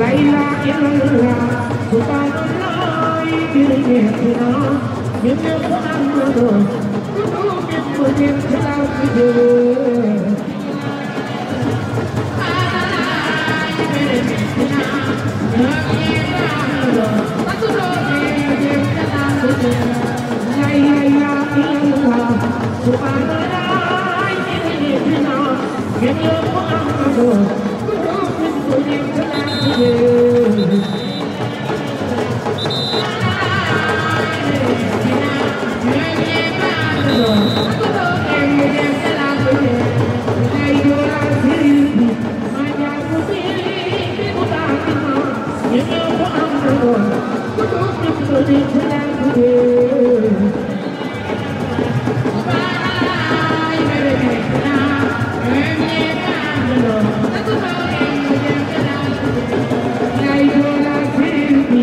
lay la kia lay la dù ta có nói biết đi nghe thì nó những đêm có ăn nữa rồi cứ có biết mười đêm thế tao cứ về Lay lay la kia lay la dù ta có nói biết đi nghe thì những đêm có ăn to do.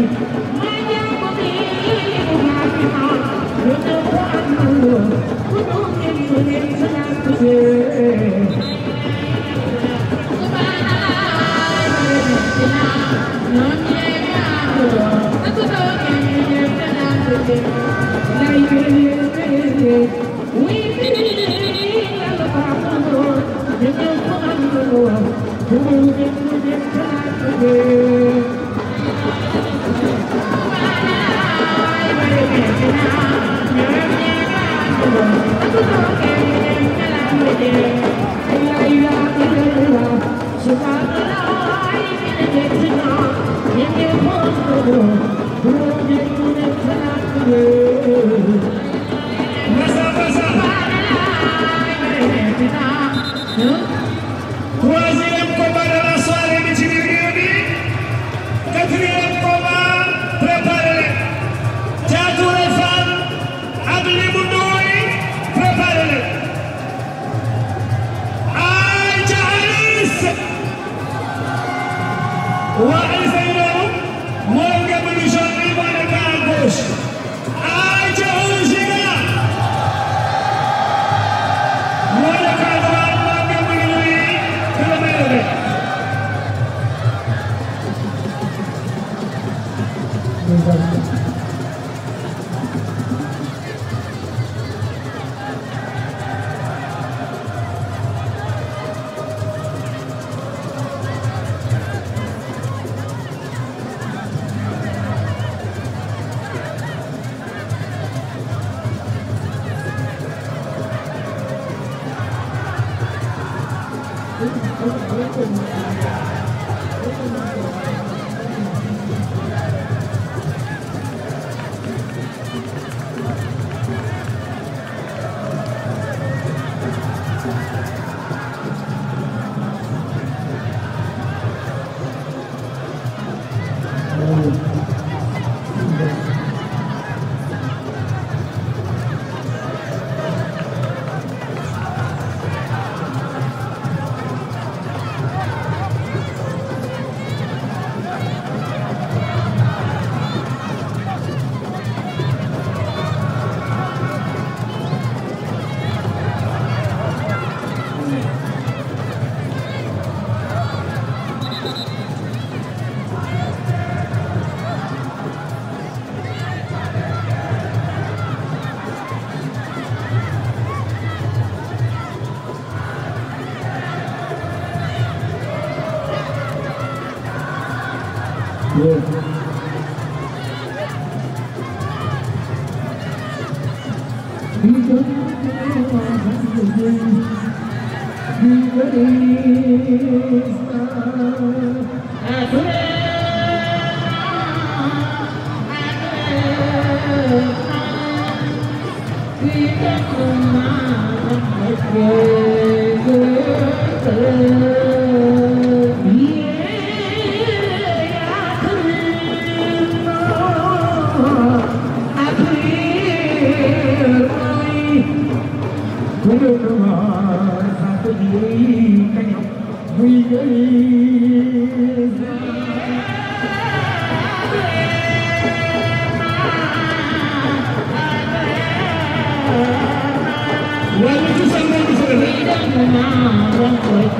Thank you.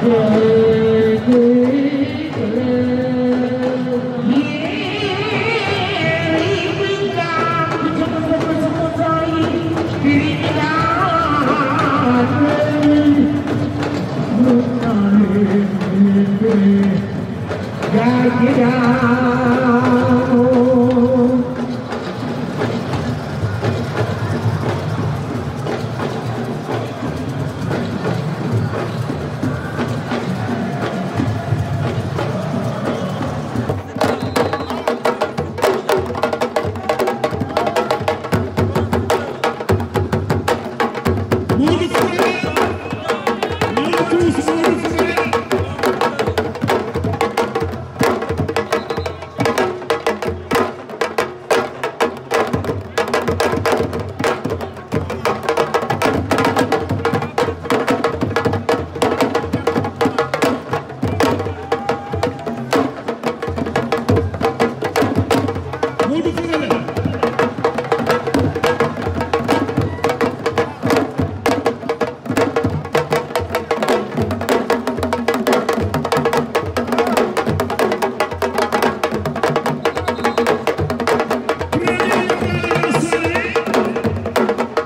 Yeah.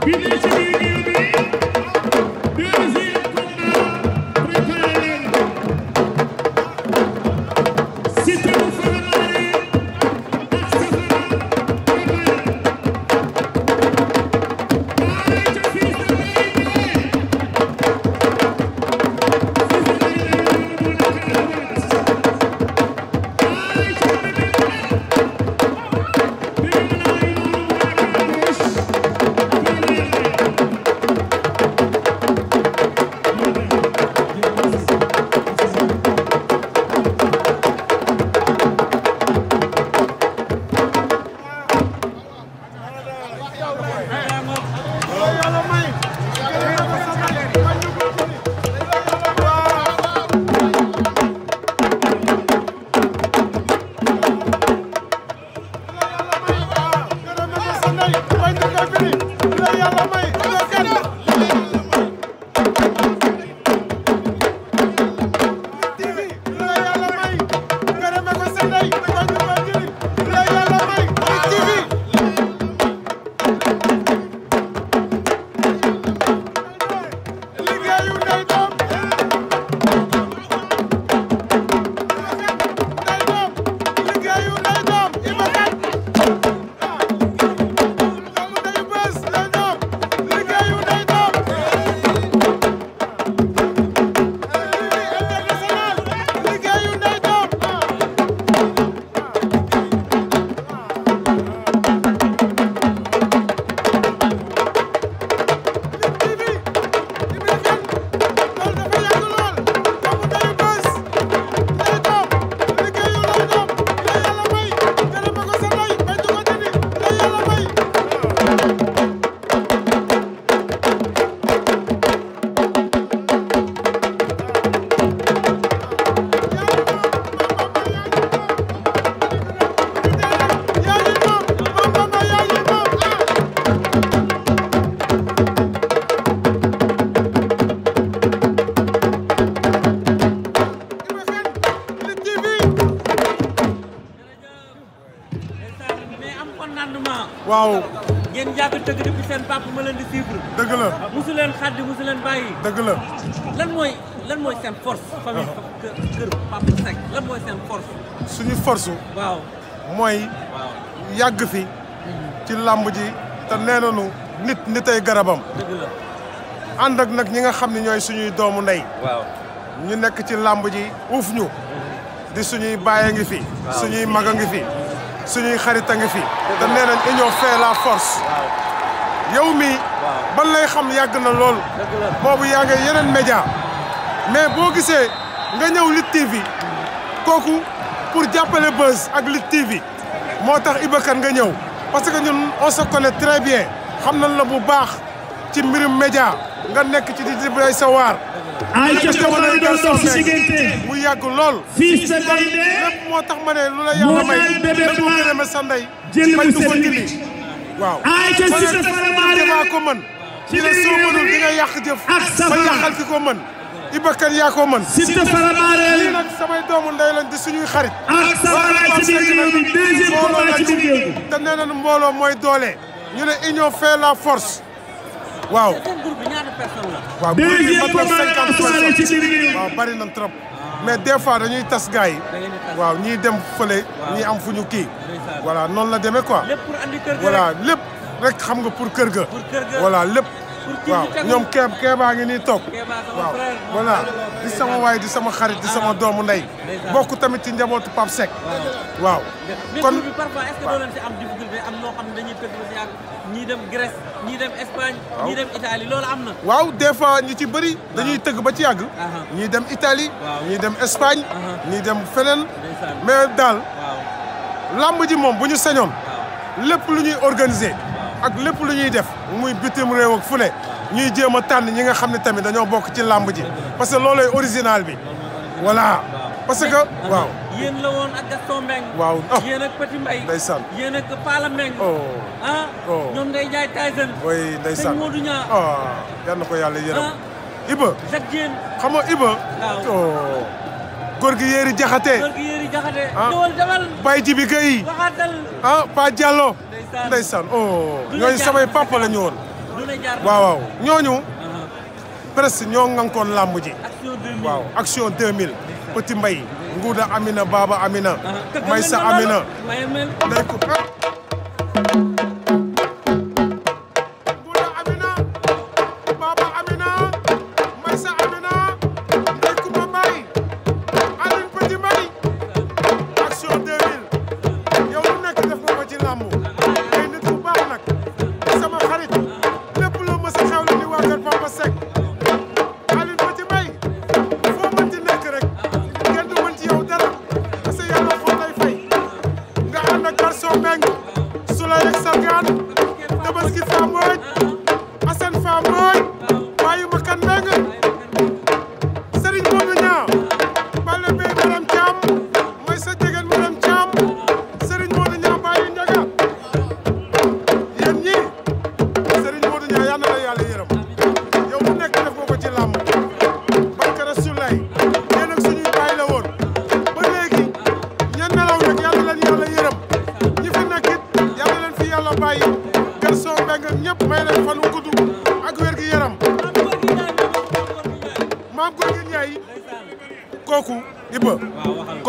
Bir ngeen dëgg depuis seen papa ma leen di suivre. dëgg la ah, mosu leen xaddi mosu leen bàyyi. dëgg la lan moy lan mooy seen force. famille ah. kër Papa Seck lan mooy seen force. suñu force. waaw Moy. waaw yàgg fi. ci làmb ji te nee nit nitay garabam. dëgg la ànd ak nag ñi nga xam ne ñooy suñuy doomu ndey. waaw ñu nekk ci làmb ji uuf ñu. di suñuy bàyyi ngi fi. suñuy mag a ngi fi. suñuy xarit a ngi fi. te nee nañ fait la force. yow mii ban lay xam yàgg na lool boobu yaa yeneen média mais boo gisee nga ñëw Lutte TV kooku pour jàppale buzz ak Lutte TV moo tax Iba Kane nga ñëw parce que ñun on se connaît bien xam nañ la bu baax ci mbirum média nga nekk ci di dibay sa waar ay ca coono yi doon dox si diggante mu yàgg lool fils de Gaynde lépp moo tax ma ne lu la yàlla may lépp mu gën a ma sa ndey bañ du ko dindi waaw ayca Cissé Fara Mané maa ko mën ci la soo mënul di nga yàq jëf ak safar ba yàqal ki ko mën Ibakan yaa ko mën Cissé Fara Mané lii nag samay doomu ndey lañ di suñuy xarit ak safara ci biir réew mi deuxième combat mbooloo mooy doole ñu ne union fait la force waaw waaw deuxième combat la soirée ci biir réew mi waaw bari nañ trop mais des fois dañuy tas gars yi. waaw ñii dem fële. ñii am fu ñu kii. voilà noonu la demee quoi. lépp pour andi lépp rek xam nga pour kër ga. pour voilà lépp. waaw ñoom keeb keebaa ngi nii toog waaw sama waay di sama xarit di doomu ndey bokk tamit ci njabootu Pape Seck waaw kon bi parfois est xam ne dañuy tëgg ba dem Grèce dem Espagne ñii dem Italie loolu am waaw des fois ñi ci bëri dañuy ah. tëgg ba ci yàgg ah. ñii dem itali ñii dem Espagne ah. ñii dem feneen mais daal lamb ji moom bu ñu señoon lépp lu ñuy organisé ak lépp lu ñuy def muy bitim réew fu ne ñuy jéem a tànn ñi nga xam ne tamit dañoo bokk ci làmb ji parce que loolooy original bi voilà parce que waaw. yéen la woon ak Gaston Mbengue. waaw oh yéen ak Petit Mbaye. ndeysaan yéen ak Pala oh. ah. oh. ñoom Ndeye Ndiaye Tyson. oui ndeysaan sëñ Modou Niang. Ah. ko yàlla yërëm. Ah. Iba. Jacques Iba. waaw oh. góor gi yéeri jaxate. góor Jibi Gueye. waxaatal ah Pa ndeysaan oh ñooñu samay papa la ñu woon waaw waaw ñooñu uh-huh. presque ñoo ngankoon làmb ji waaw action 2000 petit mbay nguuda amina baba amina uh-huh. maysa amina day ko ah.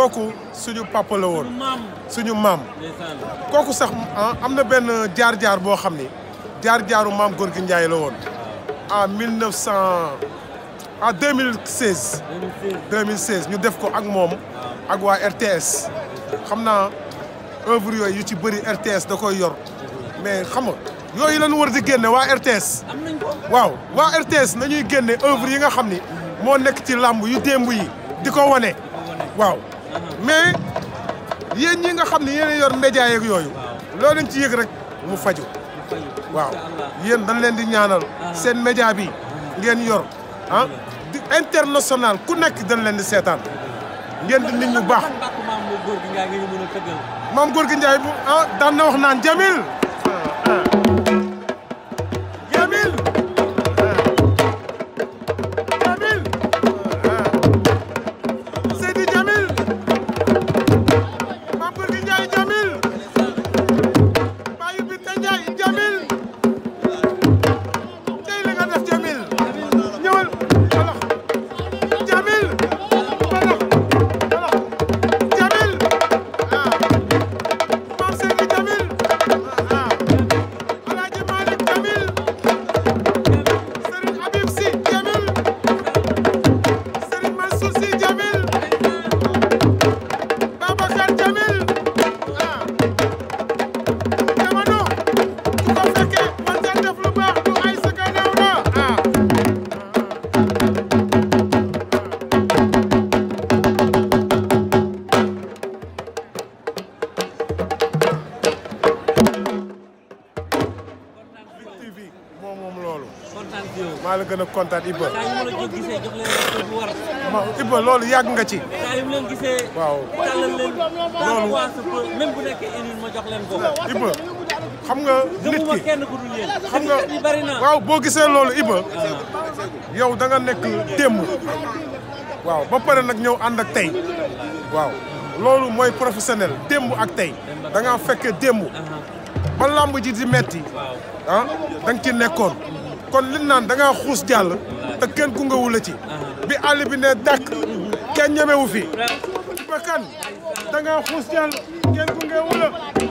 kooku suñu papa la woon suñu maam kooku sax ah, am na benn jaar-jaar boo xam ni jaar-jaaru maam Gorgui Ndiaye la woon en 1900 en 2016 2016 ñu def ko ak moom ak waa RTS xam naa œuvre yooyu ci bëri RTS da koy yor mais xam nga yooyu lañu war di génne waa RTS waaw waa RTS nañuy génne œuvre yi nga xam ni moo nekk ci làmb yu démb yi di ko wane waaw mais yéen ñi nga xam ne yéen yor média yeeg yooyu loo leen ci yëg rek mu faju waaw yéen dañ leen di ñaanal seen média bi ngeen yor ah di international ku nekk dañ leen di seetaan ngeen di nit ñu baax maam góor Njaay bu ah wax naan jamil gën a yàgg nga ci. waaw. loolu xam nga nit ki xam nga waaw boo gisee loolu Ibba ah. yow da nga nekk démb waaw ba pare nag ñëw ànd ak tey waaw loolu mooy professionnel démb ak tey danga nga fekkee démb ah. ba làmb ji di metti ah ci nekkoon. kon li naan da ngaa xuus jàll te kenn ku nga wula ci bi àll bi ne dàkk kenn ñemewu fi ba kan da xuus jàll kenn ku nga